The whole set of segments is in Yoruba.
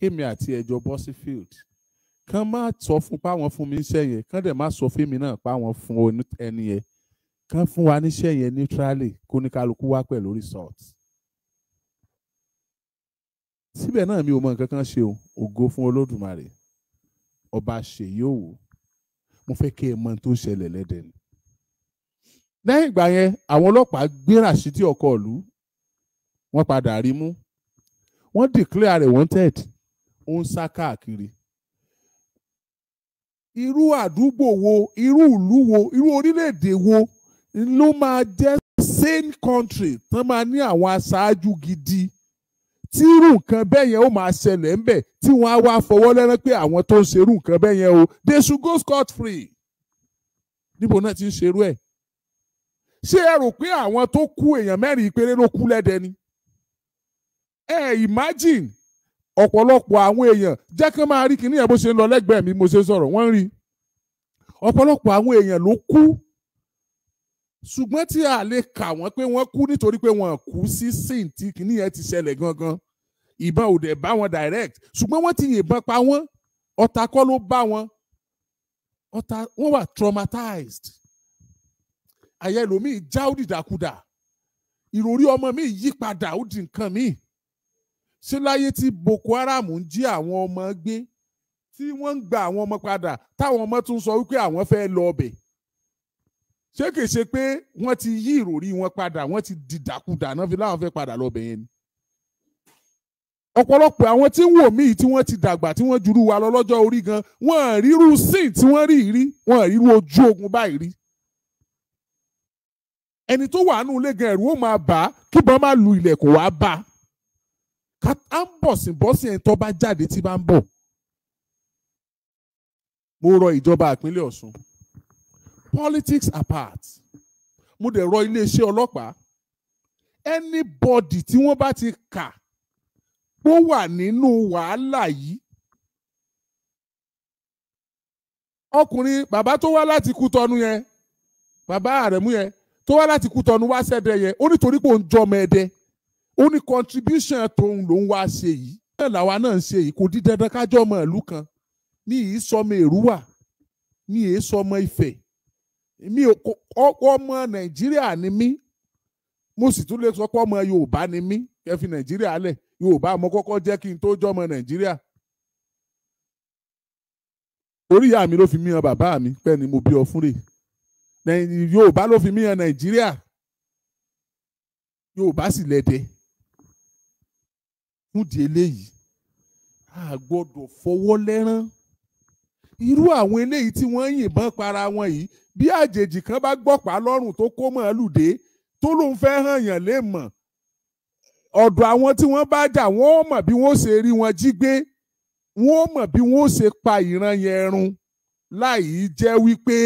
kémi àti ẹjọ bọ́ sí field kán má sọ fún páwọn fún mi níṣẹ́ yẹn kán dẹ̀ má sọ fún mi náà páwọn fún ẹni yẹn kán fún wa níṣẹ́ yẹn neutrally kó ní kálukú wá pẹ̀lú result síbẹ̀ náà mi ò mọ nǹkan kan ṣe o ògo fún olódùmarè ọba ṣèyí òwò mo fẹ́ kí ẹ mọ tó ṣẹlẹ̀ lẹ́dẹ̀ ni. lẹ́yìn ìgbà yẹn àwọn ọlọ́pàá gbé Rashidi ọkọ ìlú wọ́n padà rí mú wọ́n declare rẹ̀ wanted ó ń sá káàkiri irú àdúgbò wo irú ìlú wo irú orílẹ̀-èdè wo ló máa jẹ́ sane country tán máa ní àwọn aṣáájú gidi tí irú nǹkan bẹ́ẹ̀ yẹn ó máa ṣẹlẹ̀ ńbẹ̀ tí wọ́n á wá fọwọ́ lẹ́rán pé àwọn tó ń ṣe irú nǹkan bẹ́ẹ̀ yẹn o they should go scot free níbo náà ti ń ṣerú ẹ̀ ṣé ẹ rò pé àwọn tó kú èèyàn mẹ́rin péré ló kú lẹ́dẹ ni ẹ imagine ọ̀pọ̀lọpọ̀ àwọn èèyàn jẹ́ kí wọ́n máa rí kinní yẹn bó ṣe ń lọ lẹ́gbẹ̀ẹ́ mi mo ṣe sọ̀rọ̀ wọ́n rí ọ̀pọ̀lọpọ̀ àwọn èèyàn ló kú ṣùgbọ́n tí a lè kà wọ́n pé wọ́n kú nítorí pé wọ́n kú sí sin tí kinní yẹn ti ṣẹlẹ̀ gangan ìbọn ò dẹ̀ bá wọn direct ṣùgbọ́n wọ́n ti yìnbọn pa wọ́n ọ̀tá kọ́ ló bá wọn ọ̀tá wọ́n wà traumatized àyà mi. já ó dìdàkudà ìròrí ọmọ mi yí padà ó di nǹkan míì ṣé láyé tí Boko Haram ń jí àwọn ọmọ gbé tí wọ́n ń gba àwọn ọmọ padà táwọn ọmọ tún sọ wípé àwọn fẹ́ lọ ọbẹ̀ ṣé kìí ṣe pé wọ́n ti yí ìròrí wọn padà wọ́n ti dìdàkudà náà fi láwọn fẹ́ padà lọ́bẹ̀ yẹn ni. ọ̀pọ̀lọpọ̀ àwọn tí ń wò míì tí wọ́n ti dàgbà tí wọ́n jùrú wa lọ́jọ́ orí gan wọ́n ríru sin tí wọ́n rí rí wọ́n ríru ojú ogun báyìí rí. ẹni tó wà nù ilé gan ẹ̀rù ó máa bà á kí bọ́n má lu ilẹ̀kùn wá bá a á ń bọ̀ sí bọ́ sí ẹni tó bá jáde tí bá ń bọ̀. mo rọ ìjọba ìpínlẹ̀ Ọ̀ṣun politics apart mo dẹ̀ rọ iléeṣẹ́ ọlọ́pàá anybody tí wọ́n bá ti kà pó wà nínú wàhálà yìí ọkùnrin bàbá tó wá láti Kútọ́nù yẹn bàbá Àrẹ̀mú yẹn tó wá láti Kútọ́nù wá sẹ́dẹ̀ yẹn ó nítorí pé òun jọmọ ẹ̀dẹ́ ó ní contribution tóun ló ń wá ṣe yìí bẹ́ẹ̀ làwa náà ń ṣe yìí kò di dandan kájọ́ ọmọ ìlú kan mi yìí sọmọ èrúwà mi yìí sọmọ ìfẹ́ mi ọmọ nàìjíríà ni mí mo sì tún lè sọ pé ọmọ yorùbá ni mí ẹ fi nàìjíríà lẹ̀ yorùbá mo kọ́kọ́ jẹ́ kí n tó jọ́ ọmọ nàìjíríà orí ìyá mi ló fi mí hàn bàbá mi pẹ́ ni mo bí ọ fún rè yorùbá ló fi mí hàn nàìjíríà yorùbá sì lẹ́dẹ̀ẹ́ fúndì eléyìí a gbọ́dọ̀ fọwọ́ lẹ́rán irú àwọn eléyìí tí wọ́n yìnbọn para wọn yìí bí àjèjì kan bá gbọ́pá lọ́rùn tó kó mọ́ lùdé tó lóun fẹ́ hàn yàn lè mọ̀ ọ̀dọ̀ àwọn tí wọ́n bá jà wọ́n mọ̀ bí wọ́n ṣe rí wọn jí gbé wọ́n mọ̀ bí wọ́n ṣe pa ìran yẹn run láì jẹ́ wípé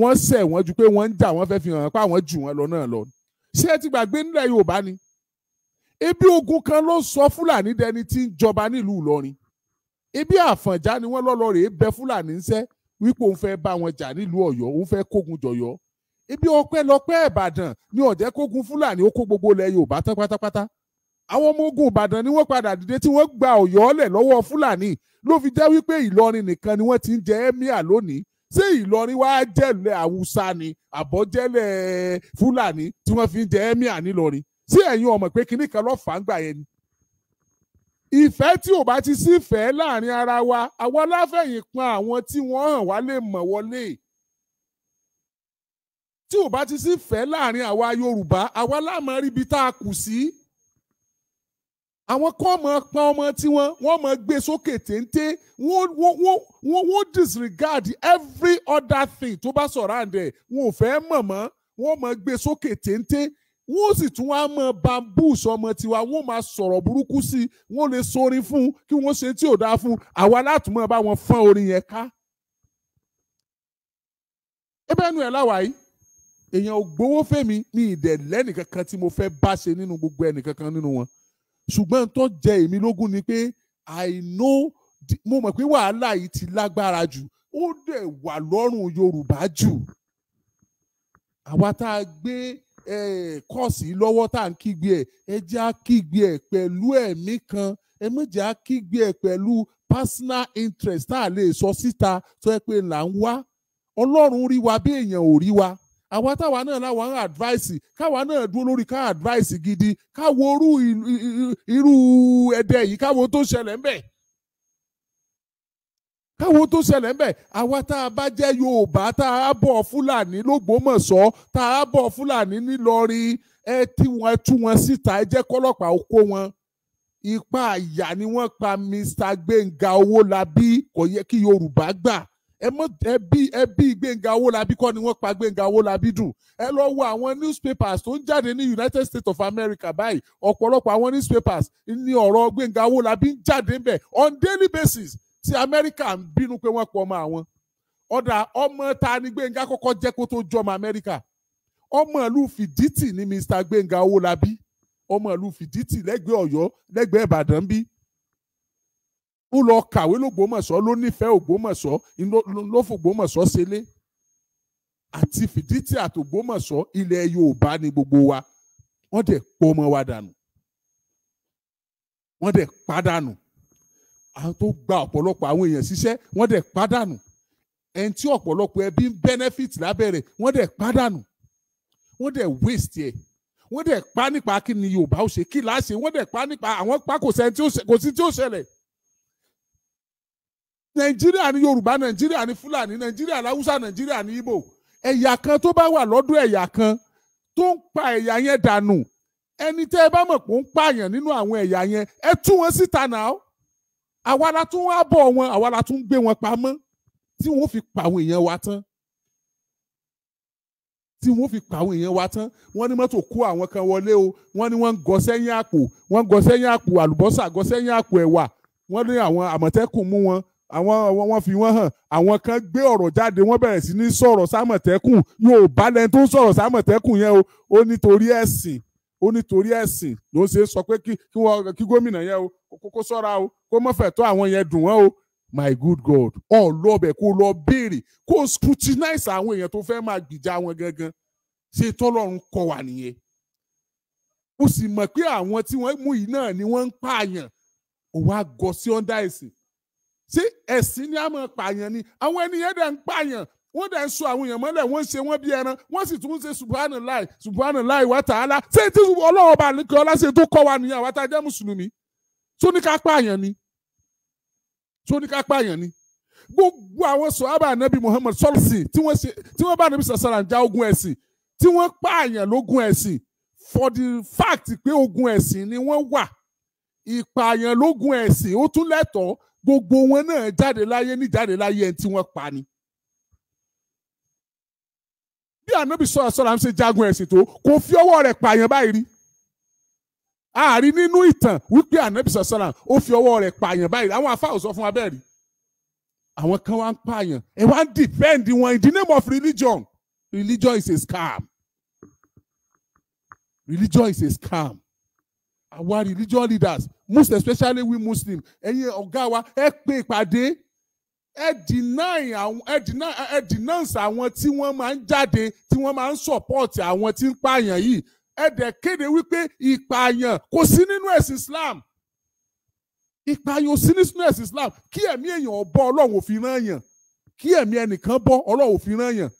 wọ́n ṣẹ̀ wọ́n ju pé wọ́n ń jà wọ́n fẹ́ fi hàn pa àwọn jù wọ́n lọ náà lọ ṣé ẹ ti gbàgbé nílẹ̀ Yorùbá ni ebi ogun kan ló sọ fúlàní dẹni tí ń jọba nílùú ìlọrin ebi àfọ̀njá ni wọ́n lọ́lọ́ rèé bẹ fúlàní ńṣẹ́ wípé òun fẹ́ bá wọn jà nílùú ọ̀yọ́ òun fẹ́ kógun jọ̀yọ́ ebi ọpẹ́lọpẹ́ ìbàdàn ni ọ̀jẹ́ kógun fúlàní ó kó gbogbo ilẹ̀ yorùbá tán pátápátá àwọn ọmọ ogun ìbàdàn ni wọ́n padà dìde tí wọ́n gba ọ̀yọ́ lẹ̀ lọ́wọ́ fúlàní ló fi jẹ́ wípé ìlọrin nìkan ni wọ́n ti ń jẹ ẹ́míà lónìí ṣé ìlọrin wàá jẹ́lẹ̀ haúsá ni àbọ̀jẹ́lẹ̀ fúlàní tí wọ́n fi ń jẹ ẹ́míà nílọrin tí ẹ̀yin ọmọ pé kinní kan lọ́ọ́ fà ń gbà yẹn ni. ìfẹ́ tí ò bá ti sí ìfẹ́ láàrin ara wa àwọn aláfẹ̀yìn pọn àwọn tí wọ́n hàn wá lè mọ̀ wọlé. tí ò bá ti sí ìfẹ́ láàrin àwa Yorùbá àwa láàmọ́ rí ibi tá a kù sí. àwọn kan máa pọn ọmọ tiwọn wọ́n máa gbé sókè téńté wọ́n disregard every other thing tó bá surround ẹ̀ wọn ò fẹ́ mọ̀ mọ́ wọ́n máa gbé sókè téńté. So wọ́n sì tún wá mọ bambus ọmọ tiwa wọ́n máa sọ̀rọ̀ burúkú sí i wọ́n lè sọrin fún kí wọ́n ṣe tí ò dáa fún àwa látùmọ̀ bá wọn fọ́n orin yẹn ká. ebẹ́nu ẹ̀ láwàá yìí èèyàn ò gbowó fèmí ní ìdẹ̀lẹ́ nìkankan tí mo fẹ́ bá ṣe nínú gbogbo ẹnìkankan nínú wọn ṣùgbọ́n tó jẹ èmi lógún ni pé I know mo mọ̀ pé wàhálà yìí ti lágbára jù ó dẹ̀ wà lọ́rùn Yorùbá jù àwa tá a gbé Eh, kọ́ọ̀sì lọ́wọ́ tá à ń kígbe ẹ̀ ẹ jẹ́ á kígbe ẹ̀ pẹ̀lú ẹ̀mí kan ẹ má jẹ́ á kígbe ẹ̀ pẹ̀lú personal interest tá a lè sọ síta tó yẹ pé là ń wá ọlọ́run rí wa bí èèyàn ò rí wa àwa táwa náà láwa advice káwa náà dúró lórí ká advice gidi káwo irú ẹ̀dẹ̀ yìí káwo tó ṣẹlẹ̀ ńbẹ̀ káwo tó ṣẹlẹ̀ ń bẹ̀ àwa tá a bá jẹ́ Yorùbá tá a bọ̀ Fúlàní l'Ógbómọ̀ṣọ́ tá a bọ̀ Fúlàní nílọrin ẹ tí wọn tú wọn síta ẹ jẹ́ kọ́lọ́pàá kó wọn ipa àyà ni wọ́n pa Mr Gbénga Owólabí kò yẹ kí Yorùbá gbà ẹ mọ ẹbí ẹbí Gbénga Owólabí kọ́ ni wọ́n pa Gbénga Owólabí dùn ẹ lọ wo àwọn newspapers tó ń jáde ní United States of America báyìí ọ̀pọ̀lọpọ̀ àwọn newspapers ní ọ̀rọ̀ Gbénga Owólabí ń jáde ń bẹ̀ on daily basis tí amẹ́ríkà ń bínú pé wọ́n pọ̀ ọmọ àwọn ọ̀dà ọmọ ta ni gbẹ̀ngà kọ́kọ́ jẹ́ kó tó jọmọ amẹ́ríkà ọmọ ìlú fìdítì ni mr gbẹ̀ngà owólabí ọmọ ìlú fìdítì lẹ́gbẹ̀ẹ́ ọ̀yọ́ lẹ́gbẹ̀ẹ́ ìbàdàn bí ó lọ kàwé lògbómọ̀ṣọ́ ló nífẹ̀ẹ́ ògbómọ̀ṣọ́ ló fògbómọ̀ṣọ́ ṣelé àti fìdítì àtògbómọ̀ṣọ́ ilẹ̀ yorùbá ni gbogbo wa wọ́n dẹ̀ pọ̀ ọmọ wa dànù wọ́n dẹ̀ pàdánù àwọn tó gba ọ̀pọ̀lọpọ̀ àwọn èèyàn síṣẹ́ wọ́n dẹ̀ pàdánù ẹni tí ọ̀pọ̀lọpọ̀ ẹbí ń benefit lábẹ́rẹ̀ wọ́n dẹ̀ pàdánù wọ́n dẹ̀ waste ẹ̀ wọ́n dẹ̀ pa nípa kí ni Yorùbá ó ṣe kí là á ṣe wọ́n dẹ̀ pa nípa àwọn pa kò sẹ́ni kò sí tí ó ṣẹlẹ̀ Nàìjíríà ni Yorùbá Nàìjíríà ni Fúlàní Nàìjíríà làwùsà Nàìjíríà ni Ìgbò ẹ̀yà kan tó bá wà lọ́dọ̀ ẹ̀yà kan tó ń pa ẹ̀yà yẹn dànù ẹni tẹ́ ẹ bá mọ̀ pé ó ń pààyàn nínú àwọn ẹ̀yà yẹn ẹ tú wọn síta náà àwa la tún wá bọ̀ wọn àwa la tún gbé wọn pamọ́ tí wọ́n fi pa àwọn èèyàn wa tán tí wọ́n fi pa àwọn èèyàn wa tán wọ́n ní mọ́tò kó àwọn kan wọlé o wọ́n ní wọ́n ń gọ sẹ́yìn àpò wọ́n ń gọ sẹ́yìn àpò àlùbọ́sà gọ sẹ́yìn àpò ẹ̀wà wọ́n ní àwọn àmọ̀tẹ́kùn mú wọn àwọn wọ́n fi wọ́n hàn àwọn kan gbé ọ̀rọ̀ jáde wọ́n bẹ̀rẹ̀ sí ní sọ̀rọ̀ sámọ̀tẹ́kùn yóò bá lẹni tó ń sọ̀rọ̀ sámọ̀tẹ́kùn yẹn o ó nítorí ẹ̀sìn ó nítorí ẹ̀sìn ló ń ṣe sọ pé kí gómìnà yẹn o kókó sọ́ra o kó mọ́ fẹ̀ tó àwọn yẹn dùn wọ́n o my good God ọ̀ lọ́bẹ̀ kó lọ béèrè kó scrutinize àwọn èèyàn tó fẹ́ máa gbìjà wọn gangan ṣe tọ́lọ́run kọ wà nìyẹn ó sì mọ̀ pé àwọn tí wọ́n mú yìí náà ni wọ́n ń pààyàn ó wá gọ sí ọ́ndà ẹ̀sìn ṣé ẹ̀sìn ni a máa pààyàn ni àwọn ènìyàn dẹ̀ ń pààyàn wọ́n dẹ̀ ń sọ àwọn èèyàn mọ́lẹ̀ wọ́n ń ṣe wọ́n bí ẹran wọ́n sì tún ń ṣe subhanallahi subhanallahi wa ta'ala ṣé tí ọlọ́wọ́ bá nìkan ọlá ṣe tó kọ́ wa nìyẹn àwa tá jẹ́ mùsùlùmí tó ní ká pààyàn ni tó ní ká pààyàn ni gbogbo àwọn sọ̀hábà ànábì Muhammad sọ́lùsìn tí wọ́n ṣe tí wọ́n bá ànábì sàṣàrà ń já ogun ẹ̀sìn tí wọ́n pààyàn lógun ẹ̀sìn for the fact pé ogun ẹ̀sìn ni wọ́n wà ìpààyàn lógun ẹ̀sìn ó tún lẹ́tọ̀ọ́ gbogbo wọn náà jáde láyé ní jáde láyé ẹni tí wọ́n pa ni. bí ànábì sọ̀rọ̀ sọ̀rọ̀ à ń ṣe jagun ẹ̀sìn tó kò fi ọwọ́ rẹ̀ pààyàn báyìí rí a rí nínú ìtàn wípé ànábì sàṣàlà ó fi ọwọ́ rẹ̀ pààyàn báyìí àwọn afáà sọ fún abẹ́rẹ́ àwọn kan wá ń pààyàn ẹ wá ń defend wọn in the name of religion religion is a scam religion is a scam àwa religion leaders most especially we muslim ẹ̀yin ọ̀gá wa ẹ pè ìpàdé ẹ deny àwọn deny ẹ denounce àwọn tí wọ́n máa ń jáde tí wọ́n máa ń support àwọn tí ń pààyàn yìí ẹ dẹ̀ kéde wípé ìpààyàn kò sí nínú ẹ̀sìn Islam ìpààyàn ò sí nínú ẹ̀sìn Islam kí ẹ̀mí èèyàn bọ́ Ọlọ́run òfin náà yàn kí ẹ̀mí ẹnìkan bọ́ Ọlọ́run òfin náà yàn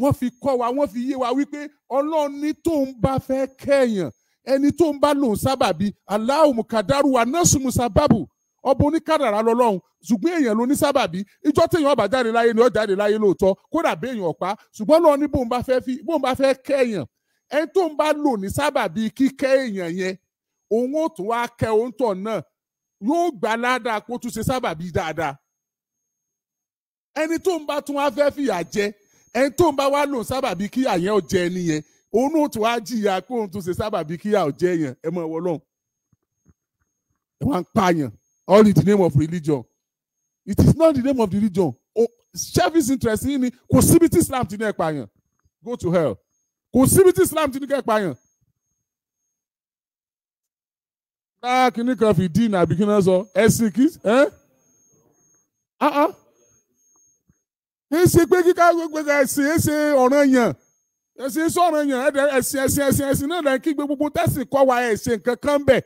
wọ́n fi kọ́ wa wọ́n fi yé wa wípé Ọlọ́run ní tóun bá fẹ́ kẹ́yàn ẹni tó ń bá lòun sábàbí aláwùmù kàdárù anásùmù sábàbù ọba oníkàdàrà lọ́lọ́run ṣùgbọ́n èèyàn ló ní sábàbí ìjọ téèyàn ọba jáde láyé ni ó jáde láyé lóòótọ́ kódà béèyàn ọ̀pá ṣùgbọ́n lọ́ọ́ ní bóun bá fẹ́ fi ẹni tó ń bá lò ní sábàbí kíkẹ́ èèyàn yẹn òun ò tún wá kẹ́ òun tọ̀ náà yóò gbà ládàá kó tún ṣe sábàbí dáadáa ẹni tó ń bá tún wá fẹ́ fìyà jẹ ẹni tó ń bá wá lò sábàbí kí àyẹn ò jẹ ẹni yẹn òun ò tún wá jìyà pé òun tún ṣe sábàbí kí àò jẹ yẹn ẹ mọ ẹwọ lọhùn ẹ wá ń pààyàn all in the name of religion it is not the name of the religion oh, selfish interest yìí ni kò síbi tí Islam ti ní ẹ pààyàn go to hell kò síbi tí Islam ti ní kẹ́ pààyàn. bá kínní kan fi dín àbí kí náà sọ ẹ̀sìn kí ẹ́ ẹ ah, ah. ṣe pé kíkà gbogbo ẹ̀sìn ẹ ṣe ọ̀ràn yàn ẹ̀sìn sọ̀rọ̀ yàn ẹ̀sìn ẹ̀sìn ẹ̀sìn ẹ̀sìn náà lẹ́yìn kí gbogbo tẹ̀sìn kọ́ wa ẹ̀sìn kankan bẹ̀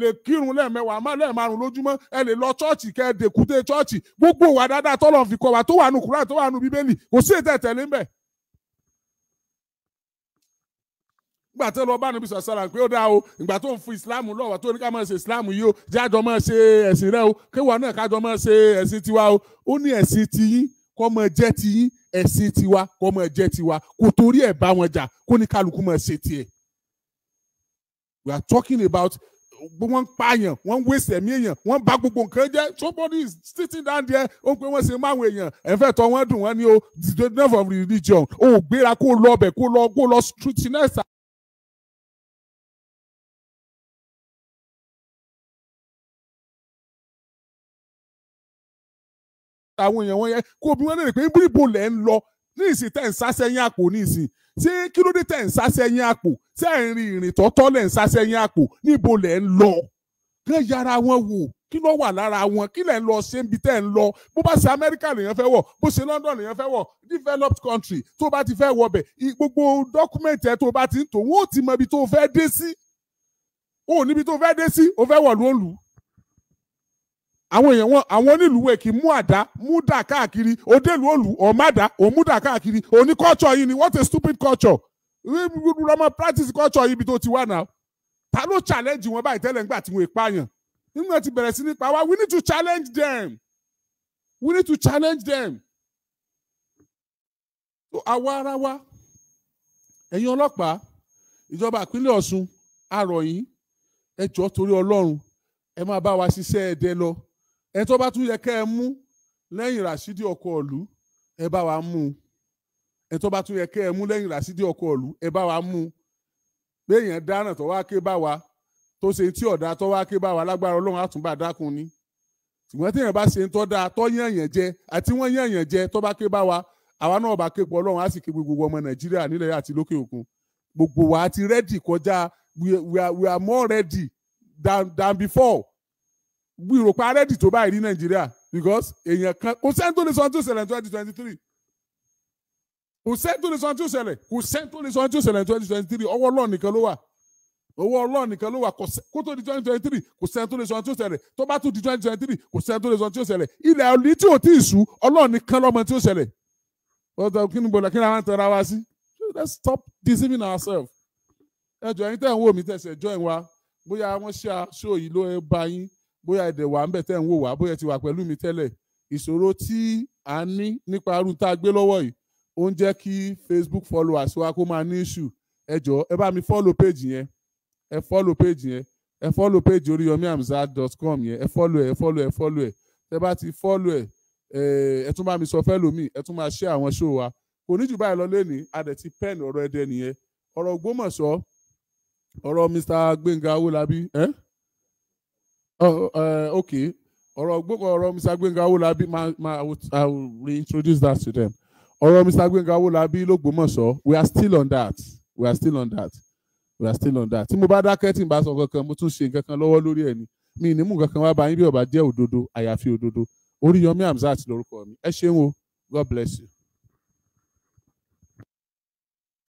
lè kírun lẹ́ẹ̀mẹ́wàá má lẹ́ẹ̀márùn lójúmọ́ ẹ lè lọ chọ́ọ̀chì kẹ́ ẹ dèkúté chọ́ọ̀chì gbogbo wa dáadáa tọ́lọ̀ fi kọ́ wa tó wà nù Kùránì tó wà nù Bíbélì kò sí ètò ẹ̀tẹ̀lé ń bẹ̀. nígbà tó lọ bá níbi sọ̀sọ̀rọ̀ pé ó dáa o ìgbà tó ń fún islam lọ́wọ́ tó ní ká máa ṣe islam yìí o jájọ máa ṣe ẹ̀sìn rẹ o kéwàá náà kájọ máa ṣe ẹ̀sìn tiwa o ó ní ẹ̀sìn tiyín kó máa jẹ́ tiyín ẹ̀sìn tiwa kó máa jẹ́ tiwa kò torí ẹ̀ bá wọn jà kó ní kálukú máa ṣe tiẹ̀. we are talking about wọ́n ń pààyàn wọ́n ń waste ẹ̀mí èèyàn wọ́n ń gbogbo nǹkan jẹ́ somebody is sitting down there ó ń pe wọ́n ṣe máwọn èèyàn ẹ̀fẹ́ tọ́ wọ́n dùn wọ́n ní o the nerve of religion o gbéra kó lọ ọbẹ̀ kó lọ kó lọ scrutinize àwọn èèyàn wọn yẹn kó bí wọ́n lè rè pé níbo lẹ̀ ń lọ ní ìsìn tẹ̀ ń sásẹ́yìn àpò ní ìsìn ṣé kí ló dé tẹ̀ ń sásẹ́yìn àpò ṣé ẹ̀ ń rin ìrìn tọ́tọ́ lẹ̀ ń sásẹ́yìn àpò níbo lẹ̀ ń lọ kán yára wọn wò kí ló wà lára wọn kí lẹ̀ ń lọ ṣé ń bi tẹ́ ń lọ bó bá ṣe amẹ́ríkà lèèyàn fẹ́ wọ̀ bó ṣe london lèèyàn fẹ́ wọ̀ developed country tó bá ti fẹ́ wọ̀ bẹ̀ gbogbo dọ́kúmẹ̀ntì ẹ̀ tó bá ti ń tò wọ́n ò ti mọ ibi tó fẹ́ dé sí o níbi tó fẹ́ dé sí o fẹ́ wọ̀ lóòlù àwọn èèyàn wọn àwọn onílùú èkì mú àdá mú dà káàkiri òdèlú òlù ọ̀mádà òmúdà káàkiri òní culture yìí ni what a stupid culture lọ́mọ practice culture yìí ibi tó ti wà náà ta ló challenge wọn báyìí tẹ́lẹ̀ nígbà tí wọ́n pààyàn nígbà tí bẹ̀rẹ̀ sí ní pa we need to challenge them we need to challenge them so àwa ara wa ẹ̀yin ọlọ́pàá ìjọba ìpínlẹ̀ Ọ̀ṣun a rọ̀ yín ẹ jọ̀ọ́ torí Ọlọ́run ẹ máa bá wa ṣiṣẹ́ ẹ̀dẹ lọ ẹ tó bá tún yẹ kẹ́ ẹ mú lẹ́yìn Ràṣídì ọkọ̀ ọ̀lú ẹ bá wa mú ẹ tó bá tún yẹ kẹ́ ẹ mú lẹ́yìn Ràṣídì ọkọ̀ ọ̀lú ẹ bá wa mú un béèyàn dáràn tó wá ké bá wa tó ṣe tí ọ̀dà tó wá ké bá wa lágbára Ọlọ́run àtúnbà dákun ni ṣùgbọ́n téèyàn bá ṣe ń tọ́ dáa tọ́ yànyàn jẹ àti wọ́n yànyàn jẹ tó bá ké bá wa àwa náà bá ké pọ̀ Ọlọ́run á sì ké gbogbo ọmọ Nàìjíríà nílẹ̀ àti lókè òkun gbogbo wa ti rẹ́dì kọjá we are more ready than than before ìròpá rẹ́dì tó báyìí rí nàìjíríà because èèyàn kan kò sẹ́ni tó lè sọ ohun tí ó ṣẹlẹ̀ ní twenty twenty three kò sẹ́ni tó lè sọ ohun tí ó ṣẹlẹ̀ kò sẹ́ni tó lè sọ ohun tí ó ṣẹlẹ̀ ní twenty twenty three ọwọ́ ọlọ́run nìkan ló wà ọwọ́ ọlọ́run nìkan ló wà kó tó di twenty twenty three kò sẹ́ni tó lè sọ ohun tí ó ṣẹlẹ̀ tó bá tún di twenty twenty three kò sẹ́ni tó lè sọ ohun tí ó ṣẹlẹ̀ ilẹ̀ òní tí ò tí ì sú ọlọ́run nìkan lọ́mọ tí ó ṣẹlẹ̀ ọ̀tọ̀ kí ni bọ̀dọ̀ kí ni àwọn tẹ̀ra wa sí let's stop deceiving ourselves ẹjọ́ yín tẹ̀ ń wò mí tẹ̀sẹ̀ join wa bóyá wọ́n ṣe aṣọ yìí ló ẹ bá yín bóyá ẹ̀dẹ̀ wà ń bẹ̀ tẹ́ ń wò wá bóyá ẹ ti wà pẹ̀lú mi tẹ́lẹ̀ ìṣòro tí a ní nípa arúgbó tá a gbé lọ́wọ́ yìí ó ń jẹ́ kí Facebook followers wa kó máa ní issue ẹ jọ ẹ bá mi follow page yẹn ẹ follow page yẹn ẹ follow page oriyomiamzad.com yẹn ẹ follow ẹ ẹ follow ẹ follow ẹ tẹ bá ti follow ẹ eh, ẹ tún bá mi sọ fẹ́ lómi ẹ tún máa share àwọn show wa kò ní jù báyìí lọ lẹ́ni adẹ̀ ti pen ọ̀rọ̀ ẹ̀dẹ̀ nìyẹn ọ̀rọ̀ Ògbómọ̀ṣọ́ ọ̀rọ̀ Mr. Gbénga Owólabí eh? Oh, uh, okay ọ̀rọ̀ gbogbo ọ̀rọ̀ Mr. Gbenga Awolabi I will reintroduce that to them ọ̀rọ̀ Mr. Gwenga Gbenga Awolabi l'Ògbómọ̀ṣọ́ we are still on that we are still on that we are still on that tí mo bá dákẹ́ tí n bá sọ kankan mo tún ṣe kankan lọ́wọ́ lórí ẹ̀ ni mi ní mú kankan wá bá yín bí ọba jẹ́ God bless you.